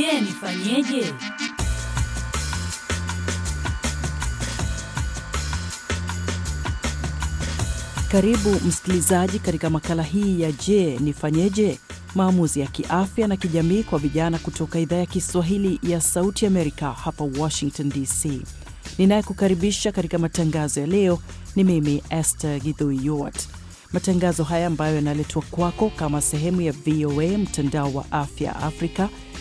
Je, nifanyeje? Karibu msikilizaji katika makala hii ya Je, nifanyeje? Maamuzi ya kiafya na kijamii kwa vijana kutoka idhaa ya Kiswahili ya Sauti Amerika hapa Washington DC. Ninayekukaribisha katika matangazo ya leo ni mimi Esther Githui Yuart. Matangazo haya ambayo yanaletwa kwako kama sehemu ya VOA mtandao wa afya Afrika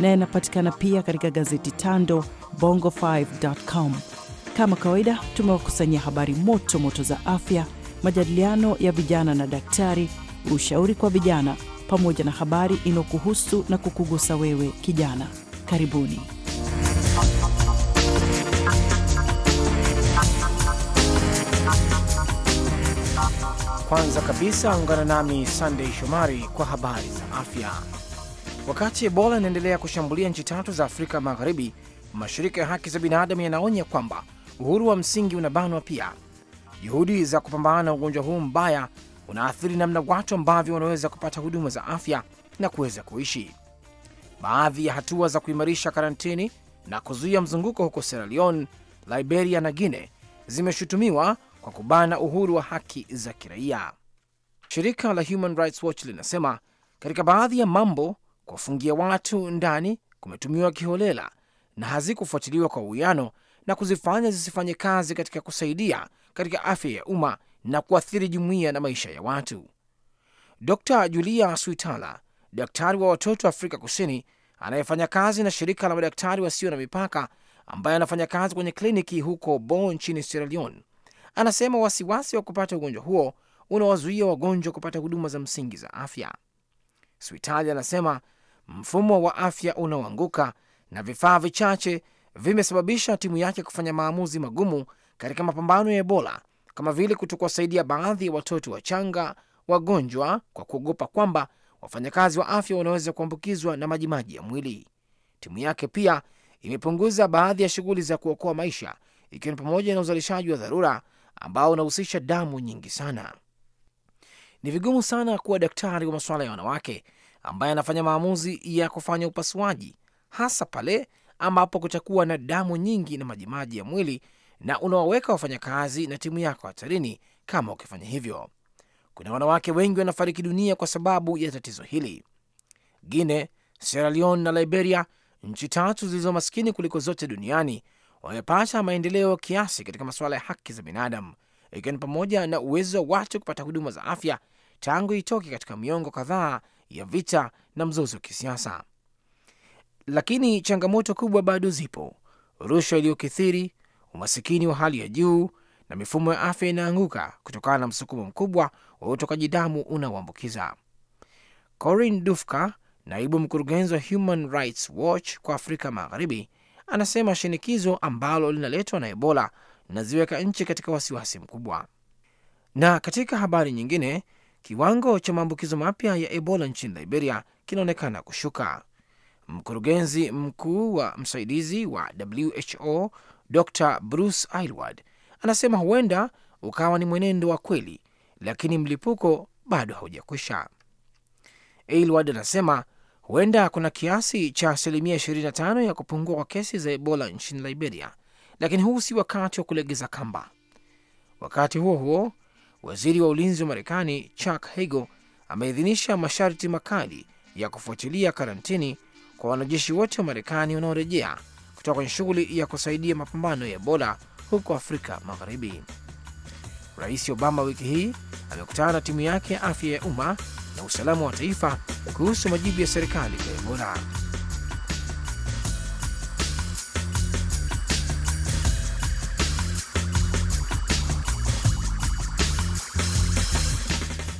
na yanapatikana pia katika gazeti Tando Bongo5.com. Kama kawaida, tumewakusanyia habari moto moto za afya, majadiliano ya vijana na daktari, ushauri kwa vijana, pamoja na habari inayokuhusu na kukugusa wewe kijana. Karibuni. Kwanza kabisa ungana nami sandey Shomari kwa habari za afya. Wakati Ebola inaendelea kushambulia nchi tatu za Afrika Magharibi, mashirika ya haki za binadamu yanaonya kwamba uhuru wa msingi unabanwa pia. Juhudi za kupambana na ugonjwa huu mbaya unaathiri namna watu ambavyo wanaweza kupata huduma za afya na kuweza kuishi. Baadhi ya hatua za kuimarisha karantini na kuzuia mzunguko huko Sierra Leone, Liberia na Guinea zimeshutumiwa kwa kubana uhuru wa haki za kiraia. Shirika la Human Rights Watch linasema katika baadhi ya mambo kuwafungia watu ndani kumetumiwa kiholela na hazikufuatiliwa kwa uwiano na kuzifanya zisifanye kazi katika kusaidia katika afya ya umma na kuathiri jumuiya na maisha ya watu. Dr Julia Switala, daktari wa watoto Afrika Kusini anayefanya kazi na shirika la madaktari wasio na mipaka, ambaye anafanya kazi kwenye kliniki huko Bo nchini Sierra Leone, anasema wasiwasi wa kupata ugonjwa huo unawazuia wagonjwa kupata huduma za msingi za afya. Switali anasema mfumo wa afya unaoanguka na vifaa vichache vimesababisha timu yake kufanya maamuzi magumu katika mapambano ya Ebola, kama vile kutokuwasaidia baadhi ya watoto wachanga wagonjwa kwa kuogopa kwamba wafanyakazi wa afya wanaweza kuambukizwa na majimaji ya mwili. Timu yake pia imepunguza baadhi ya shughuli za kuokoa maisha, ikiwa ni pamoja na uzalishaji wa dharura ambao unahusisha damu nyingi sana. Ni vigumu sana kuwa daktari wa masuala ya wanawake ambaye anafanya maamuzi ya kufanya upasuaji, hasa pale ambapo kutakuwa na damu nyingi na majimaji ya mwili, na unawaweka wafanyakazi na timu yako hatarini kama ukifanya hivyo. Kuna wanawake wengi wanafariki dunia kwa sababu ya tatizo hili. Guine, Sierra Leone na Liberia, nchi tatu zilizo maskini kuliko zote duniani, wamepata maendeleo kiasi katika masuala ya haki za binadamu, ikiwa ni pamoja na uwezo wa watu kupata huduma za afya tangu itoke katika miongo kadhaa ya vita na mzozo wa kisiasa. Lakini changamoto kubwa bado zipo: rushwa iliyokithiri, umasikini wa hali ya juu na mifumo ya afya inaanguka kutokana na msukumo mkubwa wa utokaji damu unaoambukiza. Corin Dufka, naibu mkurugenzi wa Human Rights Watch kwa Afrika Magharibi, anasema shinikizo ambalo linaletwa na Ebola linaziweka nchi katika wasiwasi mkubwa. Na katika habari nyingine, kiwango cha maambukizo mapya ya Ebola nchini Liberia kinaonekana kushuka. Mkurugenzi mkuu wa msaidizi wa WHO Dr Bruce ilward anasema huenda ukawa ni mwenendo wa kweli, lakini mlipuko bado haujakwisha. ilward anasema huenda kuna kiasi cha asilimia 25 ya kupungua kwa kesi za Ebola nchini Liberia, lakini huu si wakati wa kulegeza kamba. Wakati huo huo, waziri wa ulinzi wa Marekani Chuck Hagel ameidhinisha masharti makali ya kufuatilia karantini kwa wanajeshi wote wa Marekani wanaorejea kutoka kwenye shughuli ya kusaidia mapambano ya Ebola huko Afrika Magharibi. Rais Obama wiki hii amekutana na timu yake ya afya ya umma na usalama wa taifa kuhusu majibu ya serikali ya Ebola.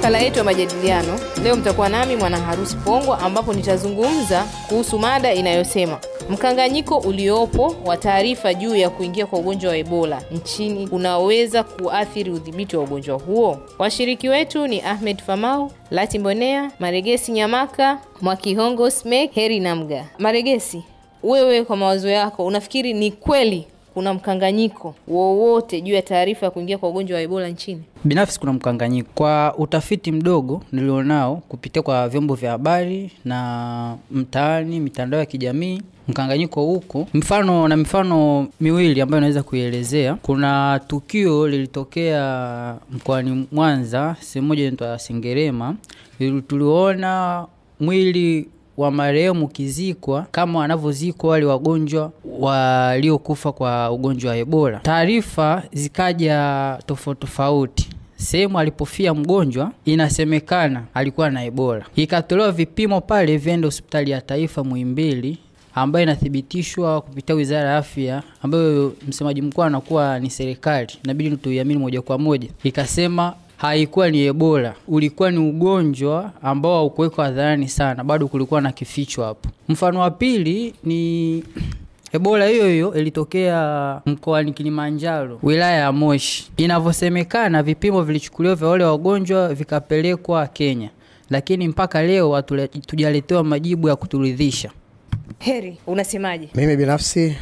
makala yetu ya majadiliano leo, mtakuwa nami Mwana Harusi Pongwa, ambapo nitazungumza kuhusu mada inayosema mkanganyiko uliopo wa taarifa juu ya kuingia kwa ugonjwa wa Ebola nchini unaweza kuathiri udhibiti wa ugonjwa huo. Washiriki wetu ni Ahmed Famau, Lati Mbonea, Maregesi Nyamaka, Mwakihongo Smek, Heri Namga. Maregesi, wewe kwa mawazo yako unafikiri ni kweli kuna mkanganyiko wowote juu ya taarifa ya kuingia kwa ugonjwa wa Ebola nchini? Binafsi kuna mkanganyiko kwa utafiti mdogo nilionao kupitia kwa vyombo vya habari na mtaani, mitandao ya kijamii mkanganyiko huko. Mfano na mifano miwili ambayo naweza kuielezea, kuna tukio lilitokea mkoani Mwanza, sehemu moja inaitwa singerema tuliona mwili wa marehemu kizikwa kama wanavyozikwa wale wagonjwa waliokufa kwa ugonjwa wa Ebola. Taarifa zikaja tofauti tofauti sehemu alipofia mgonjwa inasemekana alikuwa na Ebola. Ikatolewa vipimo pale vyende hospitali ya taifa Muhimbili, ambayo inathibitishwa kupitia wizara ya afya, ambayo msemaji mkuu anakuwa ni serikali, inabidi tuiamini moja kwa moja, ikasema haikuwa ni Ebola, ulikuwa ni ugonjwa ambao haukuwekwa hadharani sana, bado kulikuwa na kificho hapo. Mfano wa pili ni Ebola hiyo hiyo ilitokea mkoani Kilimanjaro, wilaya ya Moshi. Inavyosemekana, vipimo vilichukuliwa vya wale wagonjwa vikapelekwa Kenya, lakini mpaka leo hatujaletewa majibu ya kuturidhisha. Heri, unasemaje? Mimi binafsi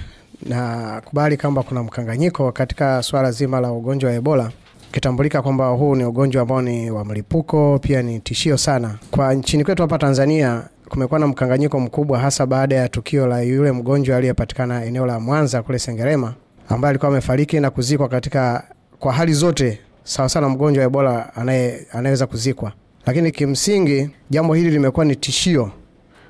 nakubali kwamba kuna mkanganyiko katika swala zima la ugonjwa wa Ebola ikitambulika kwamba huu ni ugonjwa ambao ni wa mlipuko, pia ni tishio sana kwa nchini kwetu hapa Tanzania. Kumekuwa na mkanganyiko mkubwa, hasa baada ya tukio la yule mgonjwa aliyepatikana eneo la Mwanza kule Sengerema, ambaye alikuwa amefariki na kuzikwa katika kwa hali zote sawa sana mgonjwa wa Ebola anaye anaweza kuzikwa, lakini kimsingi jambo hili limekuwa ni tishio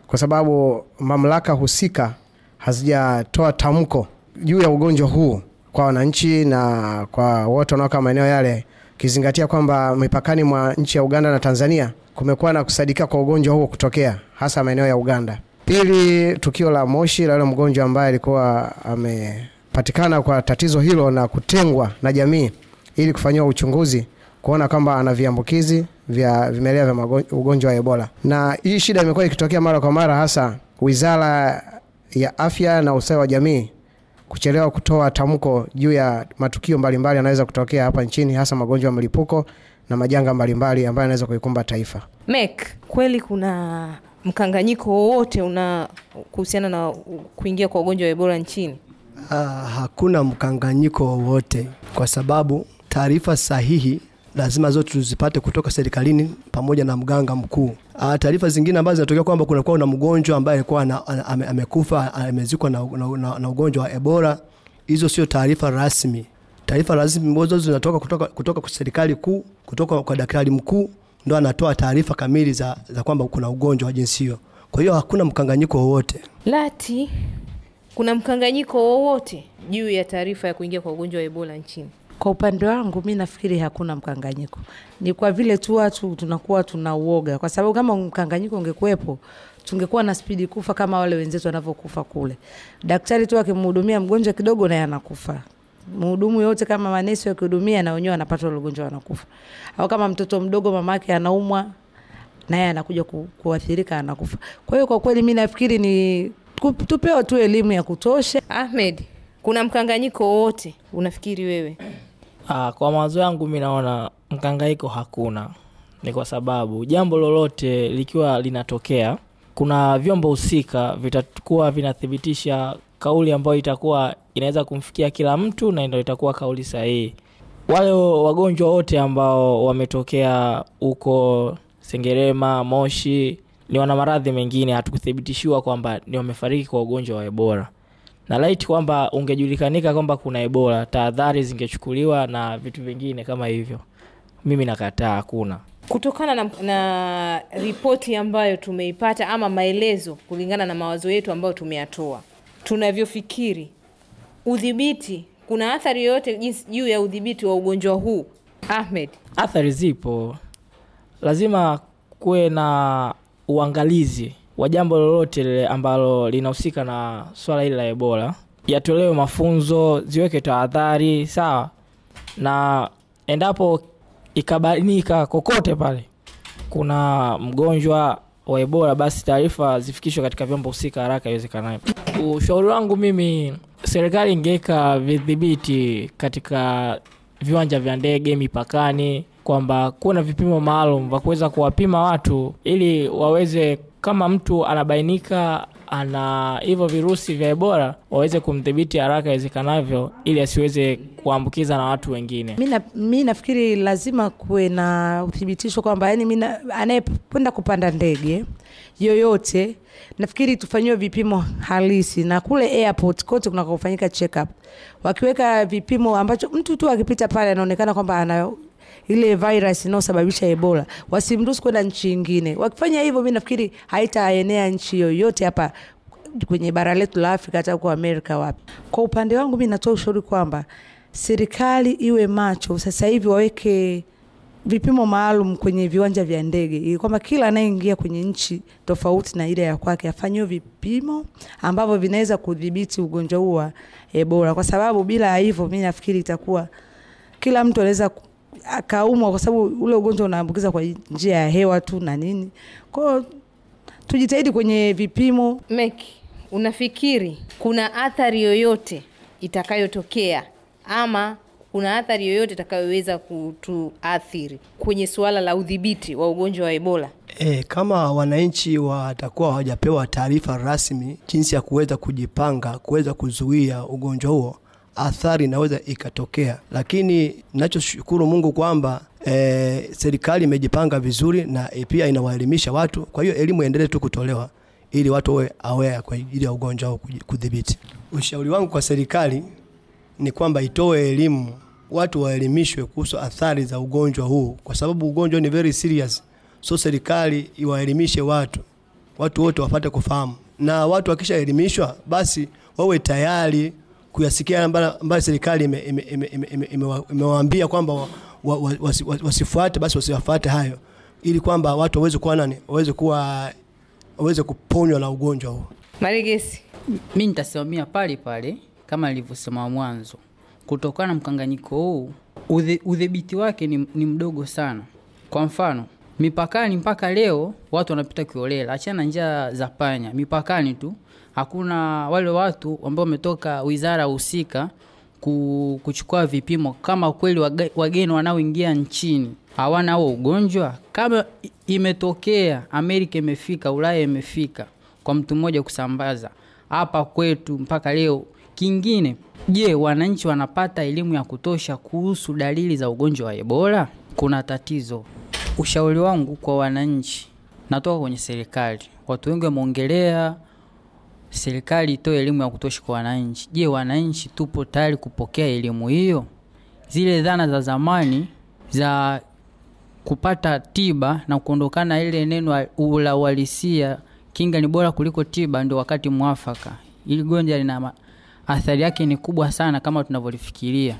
kwa sababu mamlaka husika hazijatoa tamko juu ya ugonjwa huu kwa wananchi na kwa wote wanaokaa maeneo yale, kizingatia kwamba mipakani mwa nchi ya Uganda na Tanzania kumekuwa na kusadika kwa ugonjwa huo kutokea hasa maeneo ya Uganda. Pili, tukio la Moshi la yule mgonjwa ambaye alikuwa amepatikana kwa tatizo hilo na kutengwa na jamii ili kufanyiwa uchunguzi kuona kwamba ana viambukizi vya vimelea vya ugonjwa wa Ebola. Na hii shida imekuwa ikitokea mara kwa mara, hasa Wizara ya Afya na Ustawi wa Jamii kuchelewa kutoa tamko juu ya matukio mbalimbali yanaweza kutokea hapa nchini, hasa magonjwa ya mlipuko na majanga mbalimbali ambayo yanaweza kuikumba taifa. Mek, kweli kuna mkanganyiko wowote una kuhusiana na kuingia kwa ugonjwa wa Ebola nchini? Ah, hakuna mkanganyiko wowote kwa sababu taarifa sahihi lazima zote tuzipate kutoka serikalini pamoja na mganga mkuu. Ah, taarifa zingine ambazo zinatokea kwamba kunakuwa na mgonjwa ambaye alikuwa amekufa amezikwa na, na, na, na ugonjwa wa Ebola, hizo sio taarifa rasmi. Taarifa rasmi ambazo zinatoka kutoka, kutoka kwa serikali kuu kutoka kwa daktari mkuu ndo anatoa taarifa kamili za, za kwamba kuna ugonjwa wa jinsi hiyo. Kwa hiyo hakuna mkanganyiko wowote lati kuna mkanganyiko wowote juu ya taarifa ya kuingia kwa ugonjwa wa Ebola nchini. Kwa upande wangu mi nafikiri hakuna mkanganyiko, ni kwa vile tu watu tunakuwa tuna uoga kwa sababu kama mkanganyiko ungekuwepo tungekuwa na spidi kufa kama wale wenzetu wanavyokufa kule. Daktari tu akimhudumia mgonjwa kidogo, naye anakufa. Mhudumu yote kama manesi wakihudumia, na wenyewe wanapata ugonjwa, wanakufa. Au kama mtoto mdogo mama mamake anaumwa, naye anakuja ku, kuathirika, anakufa. Kwa hiyo kwa kweli mi nafikiri ni tupewa tu elimu ya kutosha. Ahmed, kuna mkanganyiko wowote unafikiri wewe? Ah, kwa mawazo yangu mi naona mkangaiko hakuna, ni kwa sababu jambo lolote likiwa linatokea kuna vyombo husika vitakuwa vinathibitisha kauli ambayo itakuwa inaweza kumfikia kila mtu na ndio itakuwa kauli sahihi. Wale wagonjwa wote ambao wametokea huko Sengerema, Moshi, ni wana maradhi mengine, hatukuthibitishiwa kwamba ni wamefariki kwa ugonjwa wa Ebola na light kwamba ungejulikanika kwamba kuna Ebola, tahadhari zingechukuliwa na vitu vingine kama hivyo. Mimi nakataa, hakuna kutokana na, na ripoti ambayo tumeipata ama maelezo kulingana na mawazo yetu ambayo tumeyatoa, tunavyofikiri udhibiti, kuna athari yoyote juu ya udhibiti wa ugonjwa huu Ahmed? Athari zipo, lazima kuwe na uangalizi wa jambo lolote lile ambalo linahusika na swala hili la Ebola, yatolewe mafunzo, ziweke tahadhari sawa, na endapo ikabainika kokote pale kuna mgonjwa wa Ebola, basi taarifa zifikishwe katika vyombo husika haraka iwezekanayo Ushauri wangu mimi, serikali ingeweka vidhibiti katika viwanja vya ndege, mipakani, kwamba kuwe na vipimo maalum vya kuweza kuwapima watu ili waweze kama mtu anabainika ana hivyo virusi vya Ebola waweze kumdhibiti haraka iwezekanavyo, ili asiweze kuambukiza na watu wengine. Mi nafikiri lazima kuwe na uthibitisho kwamba, yani anayekwenda kupanda ndege yoyote, nafikiri tufanyiwe vipimo halisi, na kule airport kote kunakofanyika check up, wakiweka vipimo ambacho mtu tu akipita pale anaonekana kwamba ana ile virus inayosababisha Ebola wasimruhusu kwenda nchi nyingine. Wakifanya hivyo, mi nafikiri haitaenea nchi yoyote hapa kwenye bara letu la Afrika, hata huko Amerika wapi. Kwa upande wangu, mi natoa ushauri kwamba serikali iwe macho sasa hivi, waweke vipimo maalum kwenye viwanja vya ndege ili kwamba kila anayeingia kwenye nchi tofauti na ile ya kwake afanyiwe vipimo ambavyo vinaweza kudhibiti ugonjwa huu wa Ebola, kwa sababu bila hivyo, mi nafikiri itakuwa kila mtu anaweza akaumwa, kwa sababu ule ugonjwa unaambukiza kwa njia ya hewa tu na nini. Kwa hiyo tujitahidi kwenye vipimo. mek unafikiri kuna athari yoyote itakayotokea ama kuna athari yoyote itakayoweza kutuathiri kwenye suala la udhibiti wa ugonjwa wa Ebola? E, kama wananchi watakuwa hawajapewa taarifa rasmi jinsi ya kuweza kujipanga kuweza kuzuia ugonjwa huo athari inaweza ikatokea, lakini ninachoshukuru Mungu kwamba e, serikali imejipanga vizuri na e, pia inawaelimisha watu. Kwa hiyo elimu endelee tu kutolewa ili watu wawe aware kwa ajili ya ugonjwa au kudhibiti. Ushauri wangu kwa serikali ni kwamba itoe elimu, watu waelimishwe kuhusu athari za ugonjwa huu, kwa sababu ugonjwa ni very serious, so serikali iwaelimishe watu, watu wote wapate kufahamu, na watu wakishaelimishwa basi wawe tayari kuyasikia ambayo serikali imewaambia kwamba wasifuate, basi wasiwafuate hayo, ili kwamba watu waweze kuwa nani, waweze kuwa waweze kuponywa na ugonjwa huo. Marigesi, mi nitasimamia pale pale kama nilivyosema mwanzo, kutokana na mkanganyiko huu udhibiti wake ni, ni mdogo sana. Kwa mfano mipakani, mpaka leo watu wanapita kiolela, achana njia za panya, mipakani tu hakuna wale watu ambao wametoka wizara husika kuchukua vipimo kama kweli wageni wanaoingia nchini hawana huo ugonjwa. Kama imetokea Amerika imefika, Ulaya imefika kwa mtu mmoja kusambaza hapa kwetu mpaka leo. Kingine, je, wananchi wanapata elimu ya kutosha kuhusu dalili za ugonjwa wa Ebola? Kuna tatizo. Ushauri wangu kwa wananchi, natoka kwenye serikali, watu wengi wameongelea serikali itoe elimu ya kutosha kwa wananchi. Je, wananchi tupo tayari kupokea elimu hiyo? Zile dhana za zamani za kupata tiba na kuondokana ile neno la uhalisia, kinga ni bora kuliko tiba, ndio wakati mwafaka. Ili gonjwa lina athari yake ni kubwa sana kama tunavyolifikiria.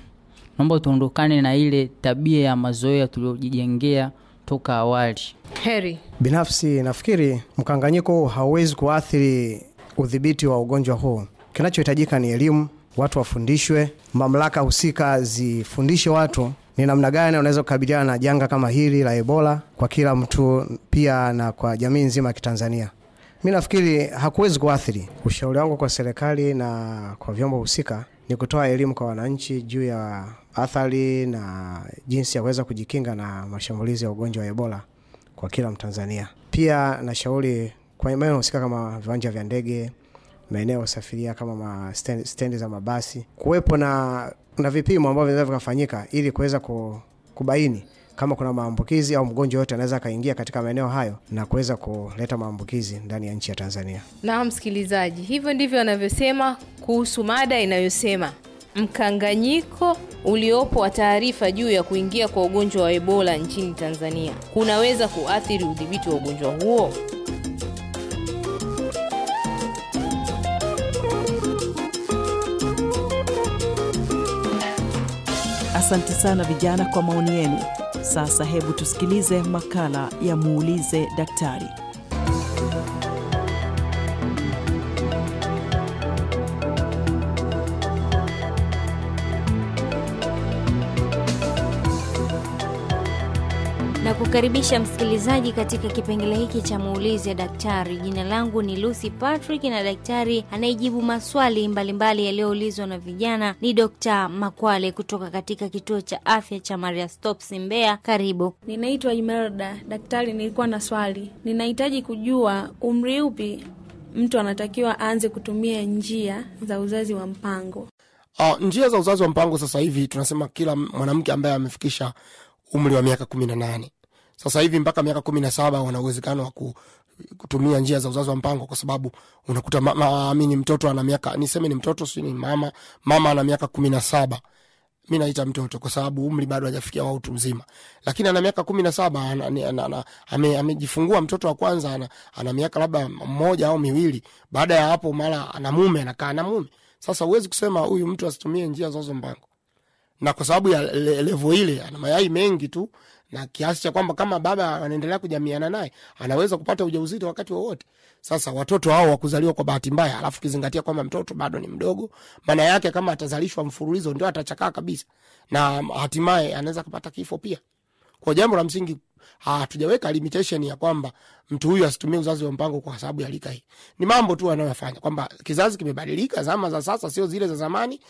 Naomba tuondokane na ile tabia ya mazoea tuliyojijengea toka awali. Heri binafsi, nafikiri mkanganyiko hauwezi kuathiri udhibiti wa ugonjwa huu. Kinachohitajika ni elimu, watu wafundishwe, mamlaka husika zifundishe watu ni namna gani unaweza kukabiliana na janga kama hili la Ebola kwa kila mtu, pia na kwa jamii nzima ya Kitanzania. Mi nafikiri hakuwezi kuathiri. Ushauri wangu kwa serikali na kwa vyombo husika ni kutoa elimu kwa wananchi juu ya athari na jinsi ya kuweza kujikinga na mashambulizi ya ugonjwa wa Ebola kwa kila Mtanzania. Pia nashauri kwa maeneo husika kama viwanja vya ndege, maeneo ya kusafiria kama stendi za mabasi, kuwepo na, na vipimo ambavyo vinaweza vikafanyika ili kuweza kubaini kama kuna maambukizi au mgonjwa yote anaweza akaingia katika maeneo hayo na kuweza kuleta maambukizi ndani ya nchi ya Tanzania. Na msikilizaji, hivyo ndivyo anavyosema kuhusu mada inayosema mkanganyiko uliopo wa taarifa juu ya kuingia kwa ugonjwa wa Ebola nchini Tanzania kunaweza kuathiri udhibiti wa ugonjwa huo. Asante sana vijana kwa maoni yenu. Sasa hebu tusikilize makala ya muulize daktari. kukaribisha msikilizaji katika kipengele hiki cha ya daktari. Jina langu ni Lucy Patrick na daktari anayejibu maswali mbalimbali yaliyoulizwa na vijana ni dkt Makwale kutoka katika kituo cha afya cha Maria stops mbea Karibu. Ninaitwa Imelda. Daktari, nilikuwa na swali, ninahitaji kujua umri upi mtu anatakiwa aanze kutumia njia za uzazi wa mpango? Uh, njia za uzazi wa mpango sasa hivi tunasema kila mwanamke ambaye amefikisha umri wa miaka kumi na nane sasa hivi mpaka miaka kumi na saba wana uwezekano wa kutumia njia za uzazi wa mpango, kwa sababu unakuta amini mtoto ana miaka niseme ni mtoto si ni mama, mama ana miaka kumi na saba mi naita mtoto kwa sababu umri bado hajafikia wa utu mzima, lakini ana miaka kumi na saba amejifungua ame mtoto wa kwanza ana, ana miaka labda mmoja au miwili. Baada ya hapo, mara ana mume anakaa na mume. Sasa uwezi kusema huyu mtu asitumie njia zozo mpango, na kwa sababu ya levo ile ana mayai mengi tu na kiasi cha kwamba kama baba anaendelea kujamiana naye anaweza kupata ujauzito wakati wowote wa sasa watoto hao wakuzaliwa kwa bahati mbaya alafu kizingatia kwamba mtoto bado ni mdogo maana yake kama atazalishwa mfululizo ndio atachakaa kabisa na hatimaye anaweza kupata kifo pia kwa jambo la msingi ah, hatujaweka limitation ya kwamba mtu huyu asitumie uzazi wa mpango kwa sababu ya lika hii. Ni mambo tu anayoyafanya kwamba kizazi kimebadilika, zama za sasa sio zile za zamani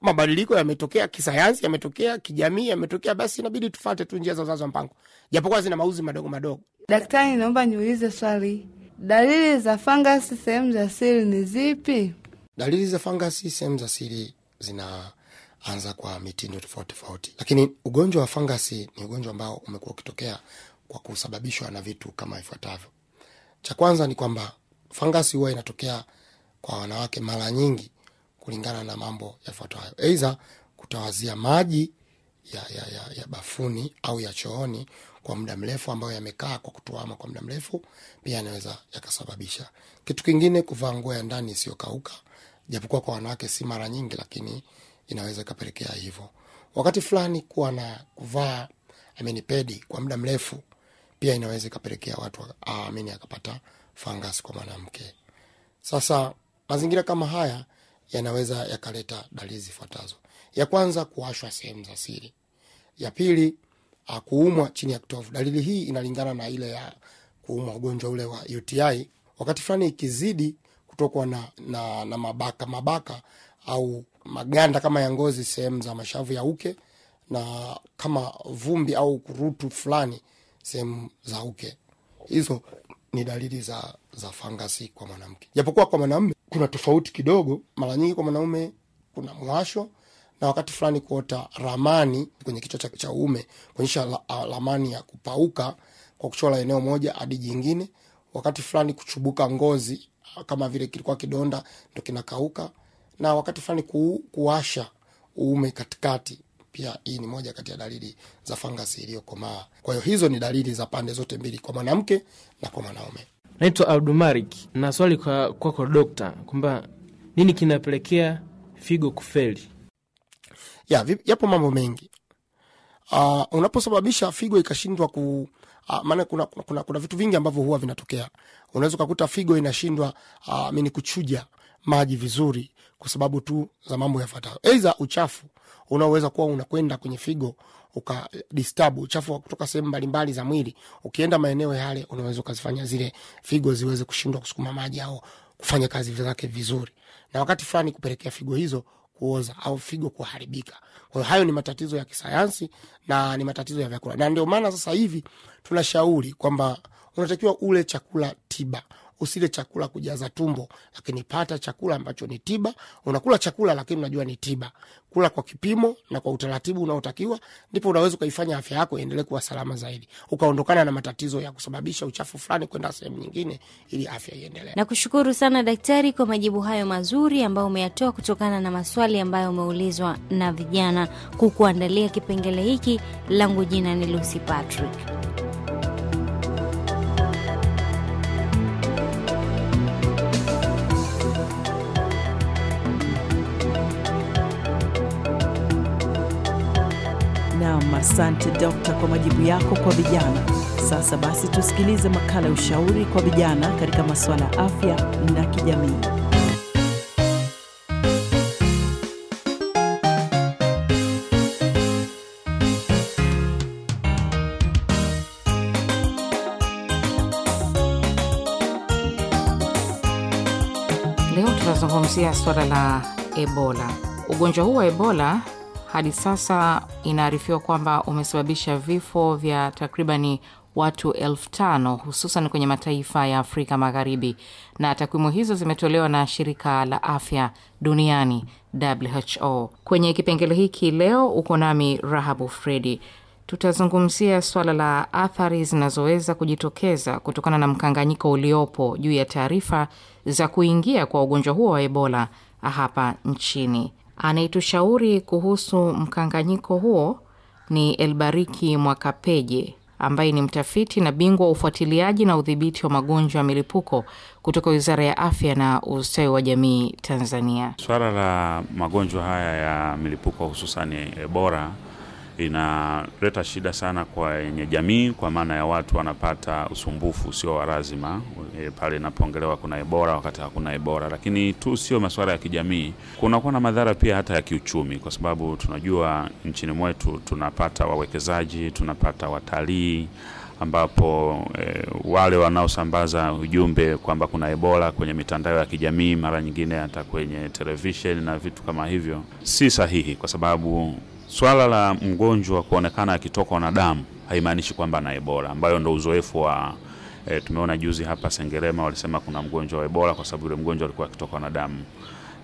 mabadiliko yametokea kisayansi, yametokea kijamii, yametokea, basi inabidi tufate tu njia za uzazi wa mpango, japokuwa zina mauzi madogo madogo. Daktari, naomba niulize swali, dalili za fangasi sehemu za siri ni zipi? Dalili za fangasi sehemu za siri zinaanza kwa mitindo tofauti tofauti, lakini ugonjwa wa fangasi ni ugonjwa ambao umekuwa ukitokea kwa kusababishwa na vitu kama ifuatavyo. Cha kwanza ni kwamba fangasi huwa inatokea kwa wanawake mara nyingi kulingana na mambo yafuatayo: eidha kutawazia maji ya, ya, ya, ya bafuni au ya chooni kwa muda mrefu ambayo yamekaa kwa kutuama kwa muda mrefu, pia yanaweza yakasababisha. Kitu kingine, kuvaa nguo ya ndani isiyokauka, japokuwa kwa wanawake si mara nyingi, lakini inaweza ikapelekea hivyo. Wakati fulani kuwa na kuvaa amenipedi kwa muda mrefu pia inaweza ikapelekea watu amini ah, akapata fangasi kwa mwanamke. Sasa mazingira kama haya yanaweza yakaleta dalili zifuatazo: ya kwanza, kuwashwa sehemu za siri; ya pili, ah, kuumwa chini ya kitovu. Dalili hii inalingana na ile ya kuumwa ugonjwa ule wa UTI. Wakati fulani ikizidi kutokwa na, na, na mabaka mabaka au maganda kama ya ngozi sehemu za mashavu ya uke na kama vumbi au kurutu fulani sehemu za uke, hizo ni dalili za za fangasi kwa mwanamke, japokuwa kwa mwanaume kuna tofauti kidogo. Mara nyingi kwa mwanaume kuna mwasho na wakati fulani kuota ramani kwenye kichwa cha, cha uume kuonyesha ramani ya kupauka kwa kuchola eneo moja hadi jingine. Wakati fulani kuchubuka ngozi kama vile kilikuwa kidonda ndo kinakauka, na wakati fulani ku, kuasha uume katikati pia hii ni moja kati ya dalili za fangasi iliyokomaa. Kwa hiyo hizo ni dalili za pande zote mbili, kwa mwanamke na kwa mwanaume. Naitwa Abdumarik na swali kwako kwa dokta kwamba nini kinapelekea figo kufeli? Ya, yapo mambo mengi uh, unaposababisha figo ikashindwa ku uh, maana kuna, kuna, kuna, kuna vitu vingi ambavyo huwa vinatokea. Unaweza ukakuta figo inashindwa uh, ah, mini kuchuja maji vizuri kwa sababu tu za mambo yafuatayo eidha uchafu unaoweza kuwa unakwenda kwenye figo ukadisturb uchafu kutoka sehemu mbalimbali za mwili ukienda maeneo yale unaweza ukazifanya zile figo ziweze kushindwa kusukuma maji au kufanya kazi zake vizuri na wakati fulani kupelekea figo hizo kuoza au figo kuharibika kwa hayo ni matatizo ya kisayansi na ni matatizo ya vyakula na ndio maana sasa hivi tunashauri kwamba unatakiwa ule chakula tiba usile chakula kujaza tumbo, lakini pata chakula ambacho ni tiba. Unakula chakula lakini unajua ni tiba. Kula kwa kipimo na kwa utaratibu unaotakiwa, ndipo unaweza ukaifanya afya yako iendelee kuwa salama zaidi, ukaondokana na matatizo ya kusababisha uchafu fulani kwenda sehemu nyingine, ili afya iendelee. Nakushukuru sana daktari kwa majibu hayo mazuri ambayo umeyatoa kutokana na maswali ambayo umeulizwa na vijana. Kukuandalia kipengele hiki, langu jina ni Lucy Patrick. Asante dokta kwa majibu yako kwa vijana. Sasa basi tusikilize makala ya ushauri kwa vijana katika masuala ya afya na kijamii. Leo tunazungumzia suala la Ebola. Ugonjwa huu wa Ebola hadi sasa inaarifiwa kwamba umesababisha vifo vya takribani watu elfu tano hususan kwenye mataifa ya Afrika Magharibi, na takwimu hizo zimetolewa na shirika la afya duniani WHO. Kwenye kipengele hiki leo uko nami Rahabu Fredi. Tutazungumzia suala la athari zinazoweza kujitokeza kutokana na mkanganyiko uliopo juu ya taarifa za kuingia kwa ugonjwa huo wa Ebola hapa nchini. Anayetushauri kuhusu mkanganyiko huo ni Elbariki Mwakapeje ambaye ni mtafiti na bingwa wa ufuatiliaji na udhibiti wa magonjwa ya milipuko kutoka Wizara ya Afya na Ustawi wa Jamii Tanzania. Swala la magonjwa haya ya milipuko hususani Ebola inaleta shida sana kwenye jamii, kwa maana ya watu wanapata usumbufu usio wa lazima e, pale inapoongelewa kuna ebora wakati hakuna ebora. Lakini tu sio masuala ya kijamii, kunakuwa na madhara pia hata ya kiuchumi, kwa sababu tunajua nchini mwetu tunapata wawekezaji, tunapata watalii ambapo e, wale wanaosambaza ujumbe kwamba kuna Ebola kwenye mitandao ya kijamii, mara nyingine hata kwenye televisheni na vitu kama hivyo, si sahihi, kwa sababu Swala la mgonjwa kuonekana akitokwa na damu haimaanishi kwamba ana Ebola, ambayo ndo uzoefu wa e, tumeona juzi hapa Sengerema walisema kuna mgonjwa wa Ebola kwa sababu yule mgonjwa alikuwa akitokwa na damu,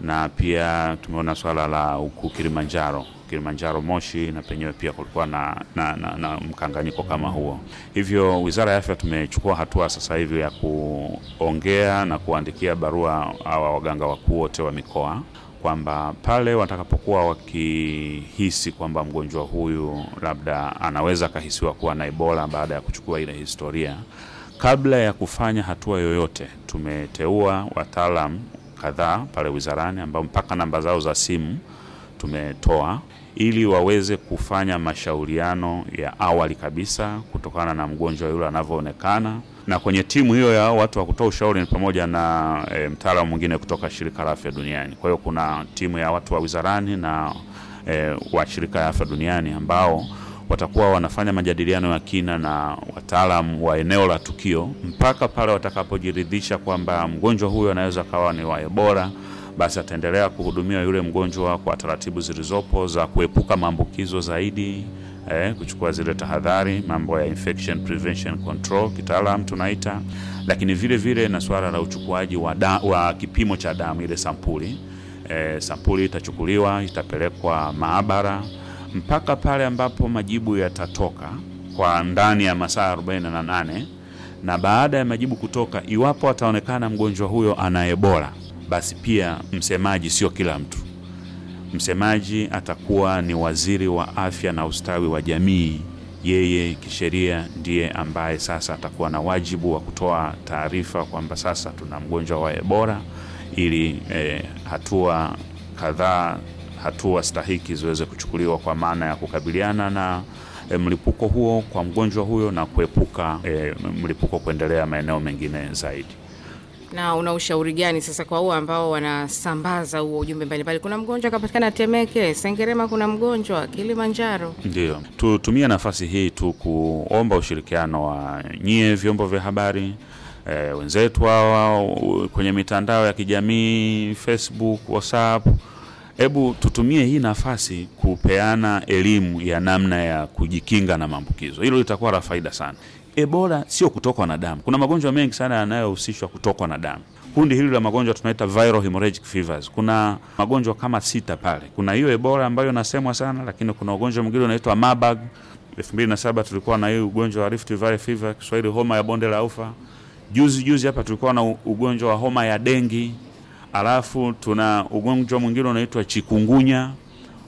na pia tumeona swala la huku Kilimanjaro Kilimanjaro Moshi na penyewe pia kulikuwa na, na, na, na mkanganyiko kama huo. Hivyo Wizara ya Afya tumechukua hatua sasa hivi ya kuongea na kuandikia barua hawa waganga wakuu wote wa mikoa kwamba pale watakapokuwa wakihisi kwamba mgonjwa huyu labda anaweza akahisiwa kuwa na Ebola baada ya kuchukua ile historia, kabla ya kufanya hatua yoyote, tumeteua wataalamu kadhaa pale wizarani ambao mpaka namba zao za simu tumetoa ili waweze kufanya mashauriano ya awali kabisa kutokana na mgonjwa yule anavyoonekana. Na kwenye timu hiyo ya watu wa kutoa ushauri ni pamoja na e, mtaalamu mwingine kutoka shirika la afya duniani. Kwa hiyo kuna timu ya watu wa wizarani na e, wa shirika la afya duniani ambao watakuwa wanafanya majadiliano ya kina na wataalamu wa eneo la tukio mpaka pale watakapojiridhisha kwamba mgonjwa huyo anaweza kawa ni wa ebora basi ataendelea kuhudumia yule mgonjwa kwa taratibu zilizopo za kuepuka maambukizo zaidi, eh, kuchukua zile tahadhari, mambo ya infection prevention control kitaalam tunaita, lakini vile vile na swala la uchukuaji wa, da, wa kipimo cha damu ile sampuli eh, sampuli itachukuliwa itapelekwa maabara mpaka pale ambapo majibu yatatoka kwa ndani ya masaa 48 na baada ya majibu kutoka, iwapo ataonekana mgonjwa huyo ana Ebola basi pia msemaji sio kila mtu. Msemaji atakuwa ni waziri wa afya na ustawi wa jamii. Yeye kisheria ndiye ambaye sasa atakuwa na wajibu wa kutoa taarifa kwamba sasa tuna mgonjwa wa ebora ili e, hatua kadhaa, hatua stahiki ziweze kuchukuliwa kwa maana ya kukabiliana na e, mlipuko huo kwa mgonjwa huyo na kuepuka e, mlipuko kuendelea maeneo mengine zaidi. Na una ushauri gani sasa kwa huo ambao wanasambaza huo ujumbe mbalimbali? Kuna mgonjwa akapatikana Temeke, Sengerema, kuna mgonjwa Kilimanjaro. Ndio tutumie nafasi hii tu kuomba ushirikiano wa nyie vyombo vya habari e, wenzetu hawa kwenye mitandao ya kijamii Facebook, WhatsApp Hebu tutumie hii nafasi kupeana elimu ya namna ya kujikinga na maambukizo. Hilo litakuwa la faida sana. Ebola sio kutokwa na damu. Kuna magonjwa mengi sana yanayohusishwa kutokwa na damu. Kundi hili la magonjwa tunaita viral hemorrhagic fevers. Kuna magonjwa kama sita pale. Kuna hiyo Ebola ambayo inasemwa sana, lakini kuna ugonjwa mwingine unaitwa mabag 2007 tulikuwa na hii ugonjwa wa Rift Valley fever, Kiswahili homa ya bonde la ufa. Juzi juzi hapa tulikuwa na ugonjwa wa homa ya dengi, alafu tuna ugonjwa mwingine unaitwa chikungunya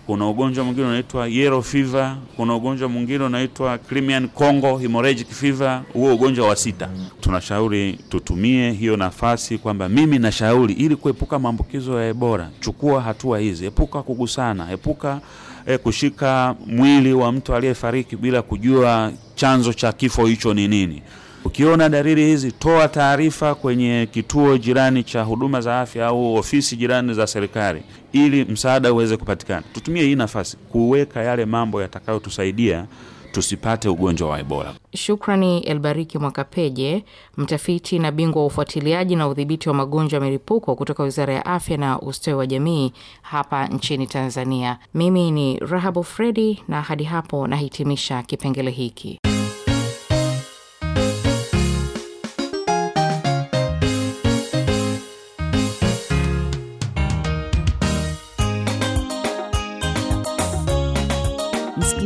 kuna ugonjwa mwingine unaitwa yellow fever, kuna ugonjwa mwingine unaitwa Crimean Congo hemorrhagic fever, huo ugonjwa wa sita. Tunashauri tutumie hiyo nafasi kwamba mimi nashauri, ili kuepuka maambukizo ya Ebola, chukua hatua hizi: epuka kugusana, epuka E, kushika mwili wa mtu aliyefariki bila kujua chanzo cha kifo hicho ni nini. Ukiona dalili hizi, toa taarifa kwenye kituo jirani cha huduma za afya au ofisi jirani za serikali ili msaada uweze kupatikana. Tutumie hii nafasi kuweka yale mambo yatakayotusaidia tusipate ugonjwa wa Ebola. Shukrani Elbariki Mwakapeje, mtafiti na bingwa wa ufuatiliaji na udhibiti wa magonjwa ya milipuko kutoka Wizara ya Afya na Ustawi wa Jamii hapa nchini Tanzania. Mimi ni Rahabu Fredi na hadi hapo nahitimisha kipengele hiki.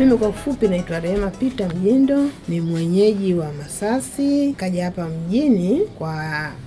Mimi kwa ufupi naitwa Rehema Pita mjindo ni mwenyeji wa Masasi, kaja hapa mjini kwa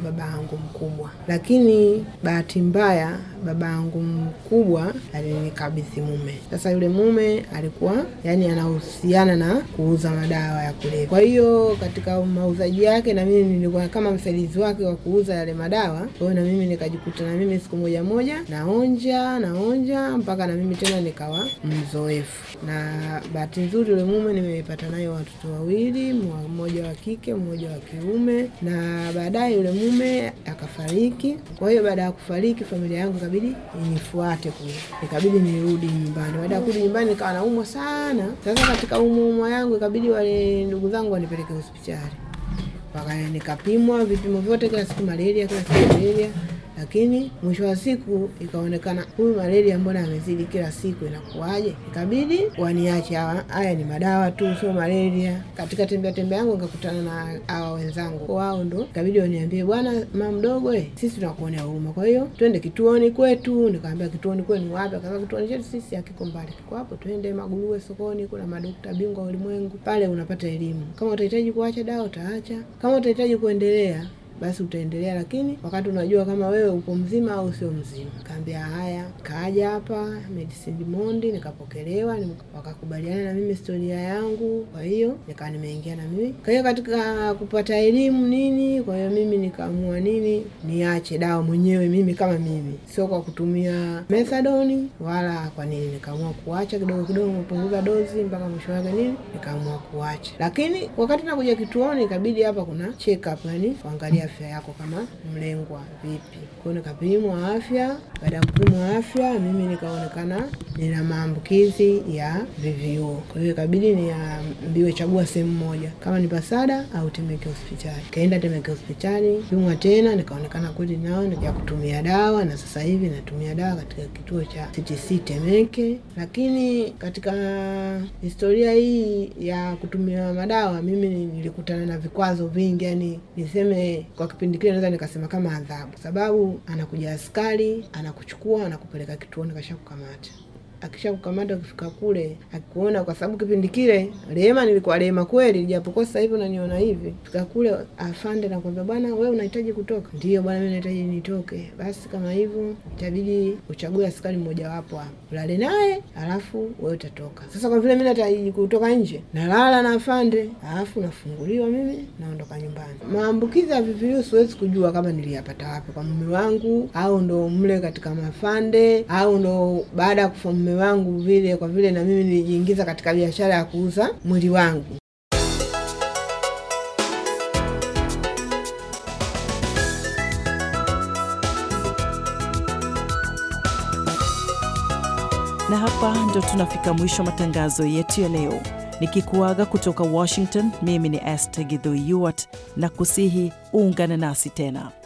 baba yangu mkubwa, lakini bahati mbaya baba yangu mkubwa alinikabidhi mume. Sasa yule mume alikuwa yani anahusiana na kuuza madawa ya kulevya, kwa hiyo katika mauzaji yake na mimi nilikuwa kama msaidizi wake wa kuuza yale madawa. Kwa hiyo na mimi nikajikuta na mimi siku moja moja naonja naonja mpaka na mimi tena nikawa mzoefu, na bahati nzuri yule mume nimepata naye watoto wawili, mmoja wa kike mmoja wa kiume, na baadaye yule mume akafariki. Kwa hiyo baada ya kufariki familia yangu ikabidi nifuate kule, ikabidi nirudi nyumbani. Baada ya kurudi nyumbani nikawa naumwa sana. Sasa katika umwaumwa yangu ikabidi wale ndugu zangu wanipeleke hospitali, mpaka nikapimwa vipimo vyote, kila siku malaria, kila siku malaria lakini mwisho wa siku ikaonekana huyu malaria mbona amezidi kila siku, inakuwaje? Ikabidi waniache hawa, haya ni madawa tu, sio malaria. Katika tembea tembea yangu nikakutana na hawa wenzangu, wao ndo ikabidi waniambie, bwana mama mdogo, eh, sisi tunakuonea huruma, kwa hiyo twende kituoni kwetu. Nikamwambia kituoni kwenu wapi? Akasema kituoni chetu sisi hakiko mbali, kiko hapo, twende Magurue sokoni, kuna madokta bingwa ulimwengu pale, unapata elimu. Kama utahitaji kuacha dawa utaacha, kama utahitaji kuendelea basi utaendelea, lakini wakati unajua kama wewe uko mzima au sio mzima. Kaambia haya, kaja hapa Medicine mondi nikapokelewa, wakakubaliana na mimi historia yangu, kwa hiyo nikaa nimeingia na mimi. Kwa hiyo katika kupata elimu nini, kwa hiyo mimi nikaamua nini, niache dawa mwenyewe mimi kama mimi, sio kwa kutumia methadone wala kwa nini, nikaamua kuacha kidogo kidogo, kupunguza dozi mpaka mwisho wake nini, nikaamua kuacha. Lakini wakati nakuja kituoni, ikabidi hapa kuna check up, yani kuangalia afya yako kama mlengwa vipi. Kwa hiyo nikapimwa afya baada ya kupimwa afya, mimi nikaonekana nina maambukizi ya VVU. Kwa hiyo ikabidi niambiwe ah, chagua sehemu moja, kama ni Pasada au Temeke hospitali. Kaenda Temeke hospitali, pimwa tena, nikaonekana kweli nao, nikaja kutumia dawa, na sasa hivi natumia dawa katika kituo cha CTC Temeke. Lakini katika historia hii ya kutumia madawa, mimi nilikutana na vikwazo vingi, yani niseme kwa kipindi kile naweza nikasema kama adhabu, sababu anakuja askari ana anakuchukua anakupeleka kituoni, kashakukamata. kukamata akisha kukamata ukifika kule, akikuona, kwa sababu kipindi kile Rehema nilikuwa Rehema kweli, japokuwa sasa hivi unaniona hivi. Fika kule, afande nakwambia, bwana wewe unahitaji kutoka? Ndio bwana, mimi nahitaji nitoke. Basi kama hivyo itabidi uchague askari mmoja wapo hapa, ulale naye alafu wewe utatoka. Sasa kwa vile mimi nahitaji kutoka nje, nalala na afande, alafu nafunguliwa mimi, naondoka nyumbani. Maambukizi ya vivirusi siwezi kujua kama niliyapata wapi, kwa mume wangu au ndo mle katika mafande au ndo baada ya kufa mume wangu vile, kwa vile na mimi nilijiingiza katika biashara ya kuuza mwili wangu. Na hapa ndo tunafika mwisho matangazo yetu ya leo, nikikuaga kutoka Washington. Mimi ni Esther Githui yuat na kusihi uungane nasi tena.